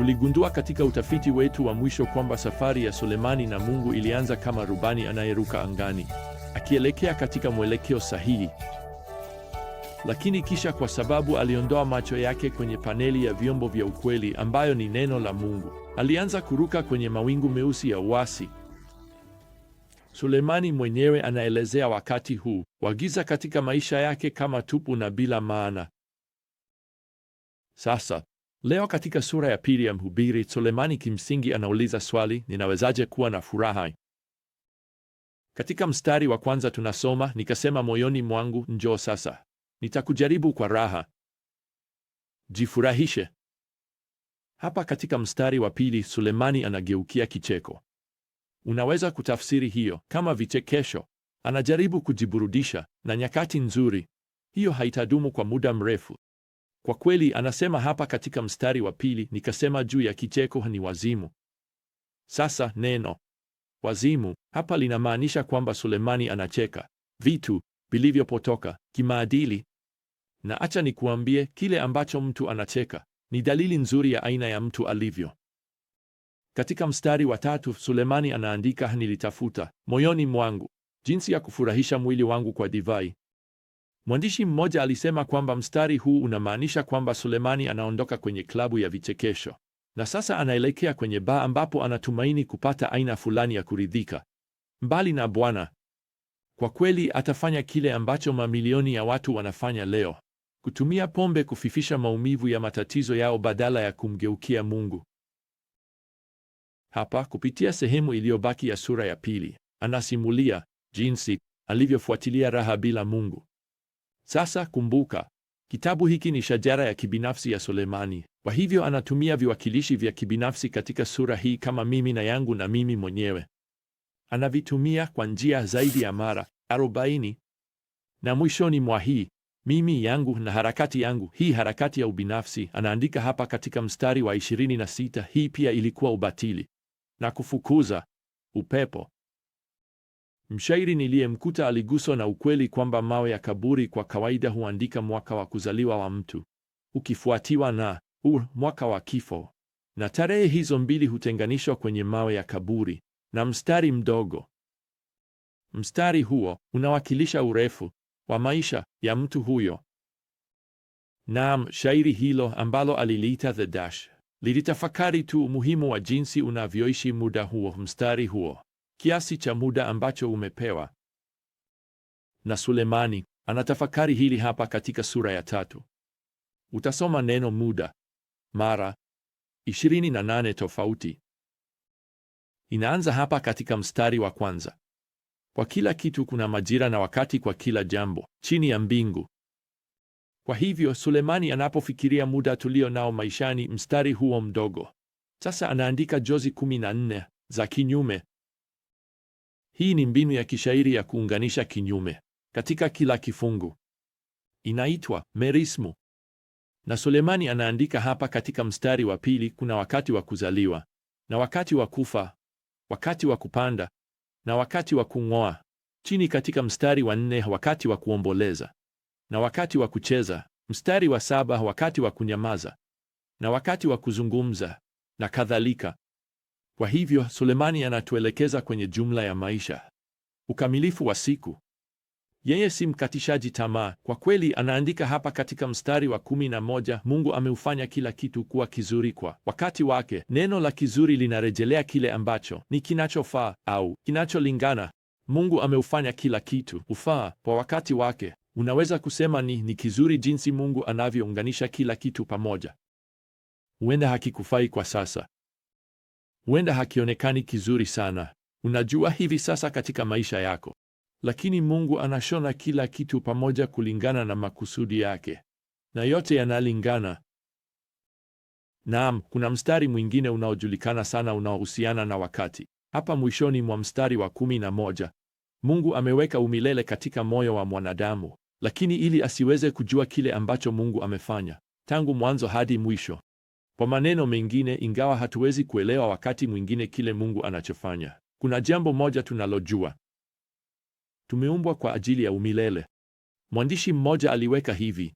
Tuligundua katika utafiti wetu wa mwisho kwamba safari ya Sulemani na Mungu ilianza kama rubani anayeruka angani akielekea katika mwelekeo sahihi. Lakini kisha kwa sababu aliondoa macho yake kwenye paneli ya vyombo vya ukweli ambayo ni neno la Mungu, alianza kuruka kwenye mawingu meusi ya uasi. Sulemani mwenyewe anaelezea wakati huu wa giza katika maisha yake kama tupu na bila maana. Sasa Leo katika sura ya pili ya Mhubiri, Sulemani kimsingi anauliza swali, ninawezaje kuwa na furaha? Katika mstari wa kwanza tunasoma, nikasema moyoni mwangu, njoo sasa, nitakujaribu kwa raha, jifurahishe. Hapa katika mstari wa pili Sulemani anageukia kicheko. Unaweza kutafsiri hiyo kama vichekesho. Anajaribu kujiburudisha na nyakati nzuri. Hiyo haitadumu kwa muda mrefu, kwa kweli, anasema hapa katika mstari wa pili, nikasema juu ya kicheko ni wazimu. Sasa neno wazimu hapa linamaanisha kwamba Sulemani anacheka vitu vilivyopotoka kimaadili, na acha nikuambie, kile ambacho mtu anacheka ni dalili nzuri ya aina ya mtu alivyo. Katika mstari wa tatu Sulemani anaandika, nilitafuta moyoni mwangu jinsi ya kufurahisha mwili wangu kwa divai Mwandishi mmoja alisema kwamba mstari huu unamaanisha kwamba Sulemani anaondoka kwenye klabu ya vichekesho na sasa anaelekea kwenye baa ambapo anatumaini kupata aina fulani ya kuridhika mbali na Bwana. Kwa kweli atafanya kile ambacho mamilioni ya watu wanafanya leo, kutumia pombe kufifisha maumivu ya matatizo yao badala ya kumgeukia Mungu. Hapa kupitia sehemu iliyobaki ya sura ya pili, anasimulia jinsi alivyofuatilia raha bila Mungu sasa kumbuka, kitabu hiki ni shajara ya kibinafsi ya Sulemani. Kwa hivyo anatumia viwakilishi vya kibinafsi katika sura hii kama mimi na yangu na mimi mwenyewe. Anavitumia kwa njia zaidi ya mara arobaini. Na mwishoni mwa hii mimi yangu na harakati yangu, hii harakati ya ubinafsi, anaandika hapa katika mstari wa 26, hii pia ilikuwa ubatili na kufukuza upepo. Mshairi niliyemkuta aliguswa na ukweli kwamba mawe ya kaburi kwa kawaida huandika mwaka wa kuzaliwa wa mtu ukifuatiwa na u mwaka wa kifo, na tarehe hizo mbili hutenganishwa kwenye mawe ya kaburi na mstari mdogo. Mstari huo unawakilisha urefu wa maisha ya mtu huyo. Naam, shairi hilo ambalo aliliita The Dash lilitafakari tu umuhimu wa jinsi unavyoishi muda huo, mstari huo kiasi cha muda ambacho umepewa. Na Sulemani anatafakari hili hapa katika sura ya tatu. Utasoma neno muda mara 28 tofauti. Inaanza hapa katika mstari wa kwanza. Kwa kila kitu kuna majira na wakati kwa kila jambo chini ya mbingu. Kwa hivyo Sulemani anapofikiria muda tulio nao maishani, mstari huo mdogo sasa anaandika jozi 14 za kinyume hii ni mbinu ya kishairi ya kuunganisha kinyume katika kila kifungu, inaitwa merismu. Na Sulemani anaandika hapa katika mstari wa pili, kuna wakati wa kuzaliwa na wakati wa kufa, wakati wa kupanda na wakati wa kung'oa chini. Katika mstari wa nne, wakati wa kuomboleza na wakati wa kucheza. Mstari wa saba, wakati wa kunyamaza na wakati wa kuzungumza na kadhalika. Kwa hivyo Sulemani anatuelekeza kwenye jumla ya maisha, ukamilifu wa siku. Yeye si mkatishaji tamaa. Kwa kweli, anaandika hapa katika mstari wa kumi na moja, Mungu ameufanya kila kitu kuwa kizuri kwa wakati wake. Neno la kizuri linarejelea kile ambacho ni kinachofaa au kinacholingana. Mungu ameufanya kila kitu ufaa kwa wakati wake. Unaweza kusema ni ni kizuri jinsi Mungu anavyounganisha kila kitu pamoja. Huenda hakikufai kwa sasa, huenda hakionekani kizuri sana, unajua, hivi sasa katika maisha yako, lakini Mungu anashona kila kitu pamoja kulingana na makusudi yake, na yote yanalingana. Naam, kuna mstari mwingine unaojulikana sana unaohusiana na wakati. Hapa mwishoni mwa mstari wa kumi na moja, Mungu ameweka umilele katika moyo wa mwanadamu, lakini ili asiweze kujua kile ambacho Mungu amefanya tangu mwanzo hadi mwisho. Kwa maneno mengine, ingawa hatuwezi kuelewa wakati mwingine kile Mungu anachofanya, kuna jambo moja tunalojua: tumeumbwa kwa ajili ya umilele. Mwandishi mmoja aliweka hivi: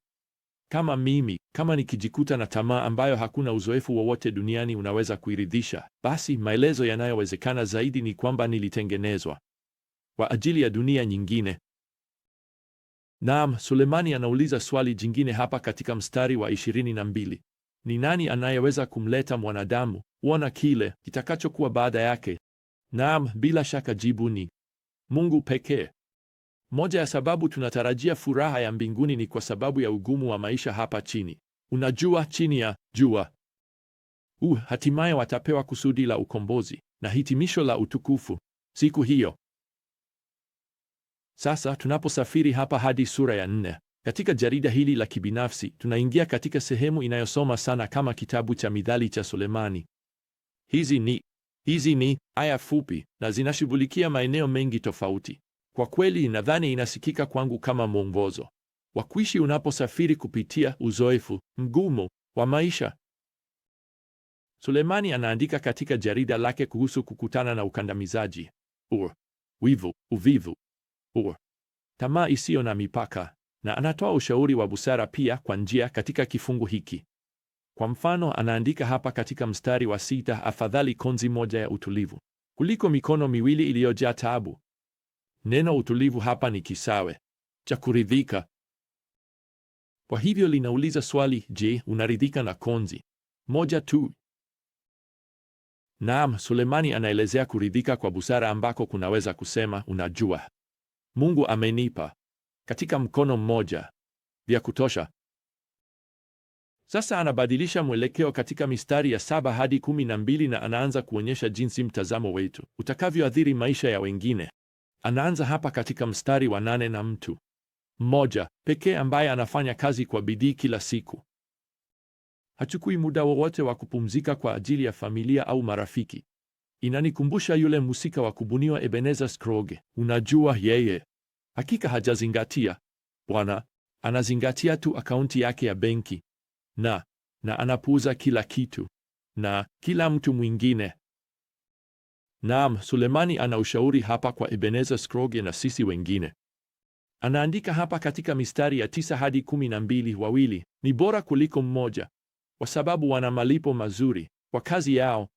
kama mimi, kama nikijikuta na tamaa ambayo hakuna uzoefu wowote duniani unaweza kuiridhisha, basi maelezo yanayowezekana zaidi ni kwamba nilitengenezwa kwa ajili ya dunia nyingine. Naam, Sulemani anauliza swali jingine hapa katika mstari wa 22. Ni nani anayeweza kumleta mwanadamu kuona kile kitakachokuwa baada yake? Naam, bila shaka jibu ni Mungu pekee. Moja ya sababu tunatarajia furaha ya mbinguni ni kwa sababu ya ugumu wa maisha hapa chini. Unajua, chini ya jua uh, hatimaye watapewa kusudi la ukombozi na hitimisho la utukufu siku hiyo. Sasa tunaposafiri hapa hadi sura ya nne katika jarida hili la kibinafsi tunaingia katika sehemu inayosoma sana kama kitabu cha Mithali cha Sulemani. Hizi ni hizi ni aya fupi na zinashughulikia maeneo mengi tofauti. Kwa kweli, nadhani inasikika kwangu kama mwongozo wa kuishi unaposafiri kupitia uzoefu mgumu wa maisha. Sulemani anaandika katika jarida lake kuhusu kukutana na ukandamizaji, ur wivu, uvivu, ur tamaa isiyo na mipaka na anatoa ushauri wa busara pia kwa njia katika kifungu hiki. Kwa mfano, anaandika hapa katika mstari wa sita, afadhali konzi moja ya utulivu kuliko mikono miwili iliyojaa taabu. Neno utulivu hapa ni kisawe cha kuridhika. Kwa hivyo linauliza swali, je, unaridhika na konzi moja tu? Naam, Sulemani anaelezea kuridhika kwa busara ambako kunaweza kusema, unajua, Mungu amenipa katika mkono mmoja vya kutosha. Sasa anabadilisha mwelekeo katika mistari ya saba hadi kumi na mbili na anaanza kuonyesha jinsi mtazamo wetu utakavyoathiri maisha ya wengine. Anaanza hapa katika mstari wa nane na mtu mmoja pekee ambaye anafanya kazi kwa bidii kila siku. Hachukui muda wowote wa kupumzika kwa ajili ya familia au marafiki. Inanikumbusha yule mhusika wa kubuniwa Ebenezer Scrooge. Unajua, yeye Hakika hajazingatia. Bwana anazingatia tu akaunti yake ya benki na na anapuuza kila kitu na kila mtu mwingine. Naam, Sulemani ana ushauri hapa kwa Ebenezer Scrooge na sisi wengine. Anaandika hapa katika mistari ya tisa hadi kumi na mbili, wawili ni bora kuliko mmoja kwa sababu wana malipo mazuri kwa kazi yao.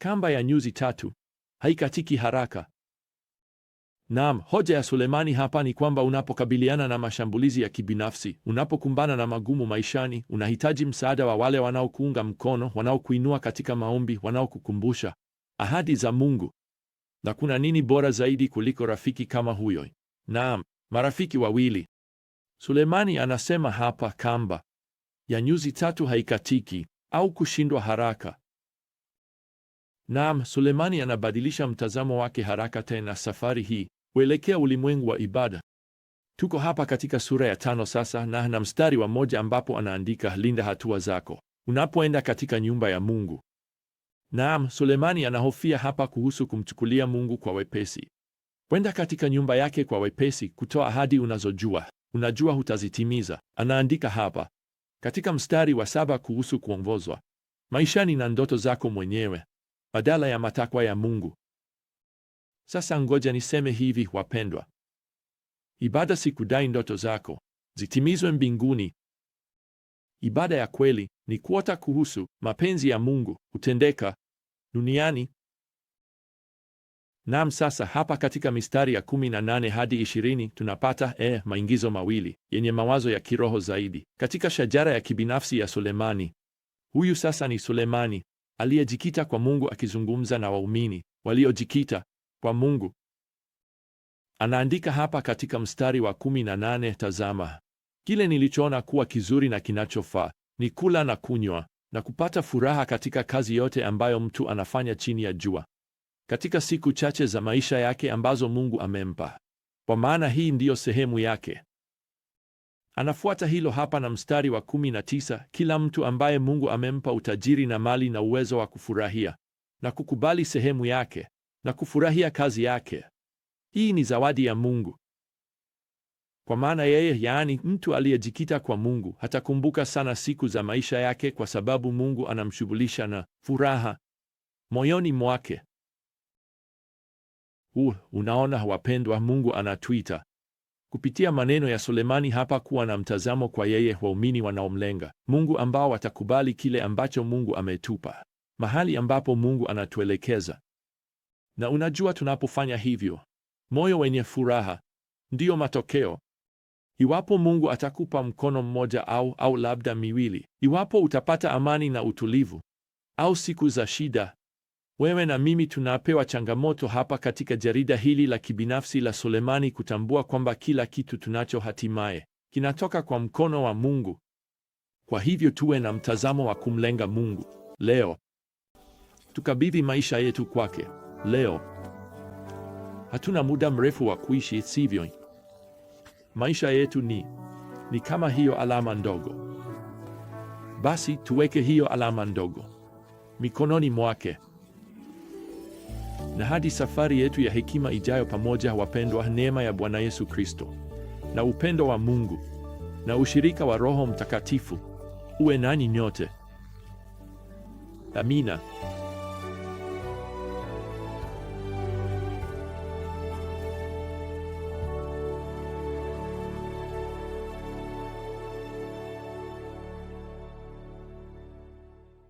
Kamba ya nyuzi tatu haikatiki haraka Naam, hoja ya Sulemani hapa ni kwamba unapokabiliana na mashambulizi ya kibinafsi, unapokumbana na magumu maishani, unahitaji msaada wa wale wanaokuunga mkono, wanaokuinua katika maombi, wanaokukumbusha ahadi za Mungu. Na kuna nini bora zaidi kuliko rafiki kama huyo? Naam, marafiki wawili. Sulemani anasema hapa kamba ya nyuzi tatu haikatiki au kushindwa haraka. Naam, Sulemani anabadilisha mtazamo wake haraka tena safari hii kuelekea ulimwengu wa ibada. Tuko hapa katika sura ya tano sasa na na mstari wa moja ambapo anaandika, linda hatua zako unapoenda katika nyumba ya Mungu. Naam, Sulemani anahofia hapa kuhusu kumchukulia Mungu kwa wepesi, kwenda katika nyumba yake kwa wepesi, kutoa ahadi unazojua unajua hutazitimiza. Anaandika hapa katika mstari wa saba kuhusu kuongozwa maishani na ndoto zako mwenyewe badala ya matakwa ya Mungu. Sasa ngoja niseme hivi, wapendwa, ibada si kudai ndoto zako zitimizwe mbinguni. Ibada ya kweli ni kuota kuhusu mapenzi ya Mungu hutendeka duniani. Naam, sasa hapa katika mistari ya 18 hadi 20 tunapata e, maingizo mawili yenye mawazo ya kiroho zaidi katika shajara ya kibinafsi ya Sulemani. Huyu sasa ni Sulemani aliyejikita kwa Mungu akizungumza na waumini waliojikita kwa Mungu. Anaandika hapa katika mstari wa kumi na nane, tazama kile nilichoona kuwa kizuri na kinachofaa ni kula na kunywa na kupata furaha katika kazi yote ambayo mtu anafanya chini ya jua katika siku chache za maisha yake ambazo Mungu amempa, kwa maana hii ndiyo sehemu yake. Anafuata hilo hapa na mstari wa 19, kila mtu ambaye Mungu amempa utajiri na mali na uwezo wa kufurahia na kukubali sehemu yake na kufurahia kazi yake. Hii ni zawadi ya Mungu. Kwa maana yeye, yaani mtu aliyejikita kwa Mungu, hatakumbuka sana siku za maisha yake, kwa sababu Mungu anamshughulisha na furaha moyoni mwake. Uh, unaona wapendwa, Mungu anatuita kupitia maneno ya Sulemani hapa kuwa na mtazamo kwa yeye, waumini wanaomlenga Mungu ambao watakubali kile ambacho Mungu ametupa, mahali ambapo Mungu anatuelekeza. Na unajua tunapofanya hivyo, moyo wenye furaha ndiyo matokeo. Iwapo Mungu atakupa mkono mmoja au au labda miwili, iwapo utapata amani na utulivu au siku za shida, wewe na mimi tunapewa changamoto hapa katika jarida hili la kibinafsi la Sulemani kutambua kwamba kila kitu tunacho hatimaye kinatoka kwa mkono wa Mungu. Kwa hivyo tuwe na mtazamo wa kumlenga Mungu leo, tukabidhi maisha yetu kwake leo. Hatuna muda mrefu wa kuishi, sivyo? Maisha yetu ni ni kama hiyo alama ndogo. Basi tuweke hiyo alama ndogo mikononi mwake, na hadi safari yetu ya hekima ijayo pamoja, wapendwa, neema ya Bwana Yesu Kristo na upendo wa Mungu na ushirika wa Roho Mtakatifu uwe nani nyote. Amina.